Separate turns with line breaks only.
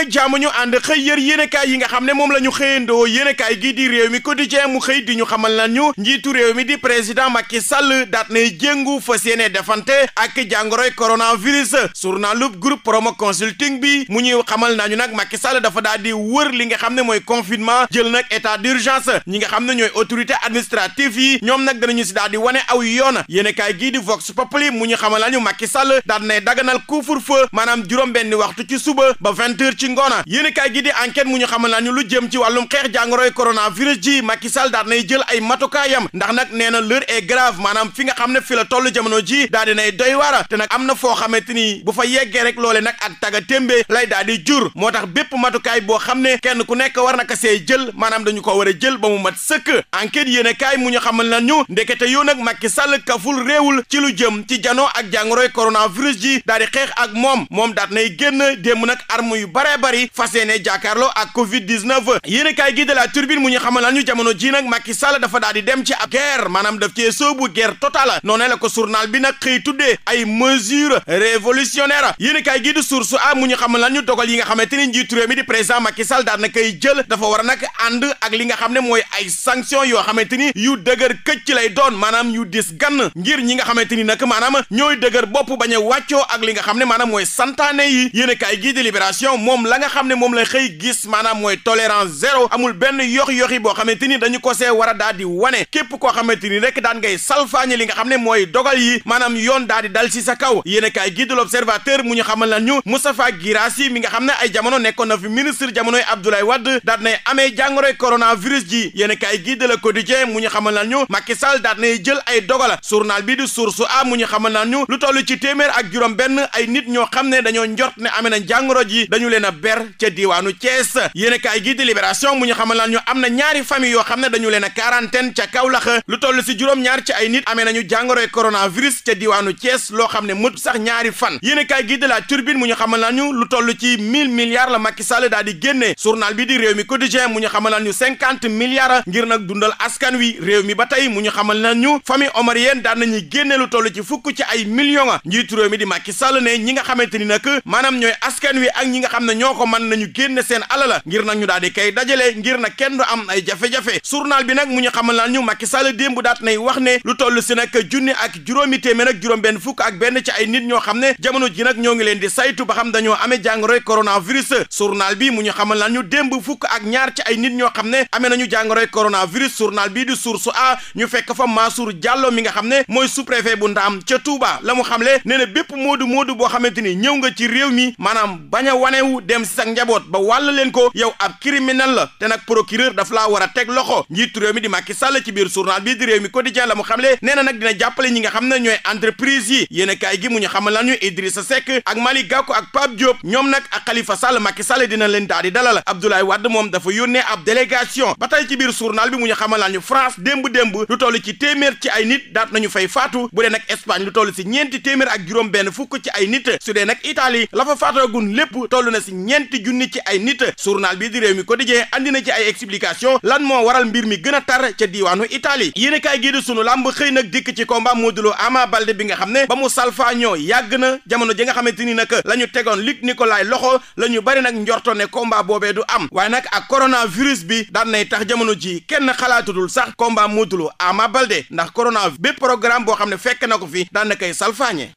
daleeg jàmm ñu ànd xëy yër yéenekaay yi nga xam ne moom la ñu xëyandoo yéenekaay gi di réew mi quotidien mu xëy di ñu xamal nañu njiitu réew mi di président Macky Sall daat nay jéngu fas yéene defante ak jàngoroy coronavirus journalub groupe promo consulting bi mu ñuy xamal nañu nag Macky sal dafa daal di wër li nga xam ne mooy confinement jël nag état d'urgence ñi nga xam ne ñooy autorité administrative yi ñoom nag danañu si daal di wane aw yoon yéenekaay gii di Vox Populi mu ñu xamal nañu Macky Sall daat nay daganal couvre-feu maanaam juróom benn waxtu ci suba ba vingt heures ci ngoona yéenekaay gi di enquête mu ñu xamal naa ñu lu jëm ci wàllum xeex jàngoroy coronavirus ji Macky Sall daal nay jël ay matukaayam ndax nag nee na l'heure est grave maanaam fi nga xam ne fi la toll jamono ji daal dinay doy waara te nag am na foo xamante ni bu fa yeggee rek loole nag ak taga témbee lay daal di jur moo tax bépp matukaay boo xam ne kenn ku nekk war na ko see jël maanaam dañu ko war a jël ba mu mat sëkk enquête yéenekaay mu ñu xamal na ñu ndekete yoo nag Macky Sall kaful réewul ci lu jëm ci janoo ak jàngoroy coronavirus ji daal di xeex ak moom moom daat nay génn démb nag arme yu bare bari fas yéene jàkkaarloo ak Covid 19 yéenekaay gi de la Tribune mu ñu xamal lan ñu jamono ji nag Macky Sall dafa daal di dem ci ab guerre maanaam daf cee sóobu guerre totale noonee la ko journal bi nag xëy tuddee ay mesures révolutionnaires yéenekaay gi di source a mu ñu xamal lan ñu dogal yi nga xamante ni njiitu réew mi di président Macky Sall daal na koy jël dafa war a nag ànd ak li nga xam ne mooy ay sanctions yoo xamante ni yu dëgër këcc lay doon maanaam yu dis gann ngir ñi nga xamante ni nag maanaam ñooy dëgër bopp bañ a ak li nga xam ne maanaam mooy santaane yi yéenekaay gi di Libération moom la nga xam ne moom la xëy gis maanaam mooy tolérance zéro amul benn yox-yoxi boo xamante ni dañu ko see war daal di wane képp koo xamante ni rek daan ngay salfaañe li nga xam ne mooy dogal yi maanaam yoon daal di dal si sa kaw yéen kaay gi du l'observateur mu ñu xamal lan ñu Moustapha Guirassy mi nga xam ne ay jamono nekkoon na fi ministre jamonoy Abdoulaye Wade daal nay amee jàngoroy coronavirus ji yéen kaay gi de la quotidien mu ñu xamal lan ñu Macky Sall daal nay jël ay dogal journal bi di source a mu ñu xamal lan ñu lu toll ci téeméer ak juróom benn ay nit ñoo xam ne dañoo njort ne amee nañ jàngoro ji dañu leen ber ca diiwaanu Thiès yéenekaay gi di mu ñu xamal laan am na ñaari famille yoo xam ne dañu leen a quarantaine ca Kaolack lu toll si juróom-ñaar ci ay nit amee nañu jàngoroy coronavirus ca diiwaanu Thiès loo xam ne mët sax ñaari fan yéenekaay gi de La mu ñu xamal laan lu toll ci mille milliards la Macky Sall di génne journal bi di réew mi quotidien mu ñu xamal laan ñu cinquante milliards ngir nag dundal askan wi réew mi ba tey mu ñu xamal laan ñu famille ñi nga xamante ni nag ñoo ko mën nañu génne seen alala ngir nag ñu daal di kay dajale ngir nag kenn du am ay jafe-jafe journal bi nag mu ñu xamal naan ñu Macky Sall démb daat nay wax ne lu toll si nag junni ak juróomi téeméer ak juróom benn fukk ak benn ci ay nit ñoo xam ne jamono ji nag ñoo ngi leen di saytu ba xam dañoo amee jàngoroy coronavirus journal bi mu ñu xamal naan ñu démb fukk ak ñaar ci ay nit ñoo xam ne amee nañu jàngoroy coronavirus journal bii di source a ñu fekk fa Mansour Diallo mi nga xam ne mooy sous-préfet bu Ndaam ca Touba la mu xamle nee na bépp moodu moodu boo xamante ni ñëw nga ci réew mi maanaam jëm si sa njaboot ba wàll leen ko yow ab criminel la te nag procureur daf laa war a teg loxo njiitu réew mi di Macky Sall ci biir journal bii di réew mi quotidien la mu xamle nee na nag dina jàppale ñi nga xam ne ñooy entreprise yi yéen a kaay gi mu ñu xamal lañu Idrissa Seck ak Malick Gakou ak Pape Diop ñoom nag ak Khalifa Sall Macky Sall dina leen daal dalal Abdoulaye Wade moom dafa yónnee ab délégation ba tey ci biir journal bi mu ñu xamal lañu France démb démb lu toll ci téeméer ci fay faatu bu dee nag Espagne lu si ñeenti téeméer ak juróom benn fukk ci ay nit su dee nag Italie la fa faatoogun ñeenti junni ci ay nit journal bi di réew mi quotidien andi na ci ay explication lan moo waral mbir mi gën a tar ca diwaanu Italie yéen kaay gii di sunu làmb xëy nag dikk ci combat Modou Lo Ama bi nga xam ne ba mu salfaañoo yàgg na jamono ji nga xamante ni nag la ñu tegoon Luc Nicolaï loxo la ñu bari nag njorto ne combat boobee du am waaye nag ak coronavirus bi daan nay tax jamono jii kenn xalaatudul sax combat Modou Lo Ama ndax corona bépp programme boo xam ne fekk na ko fi daan na koy salfaañe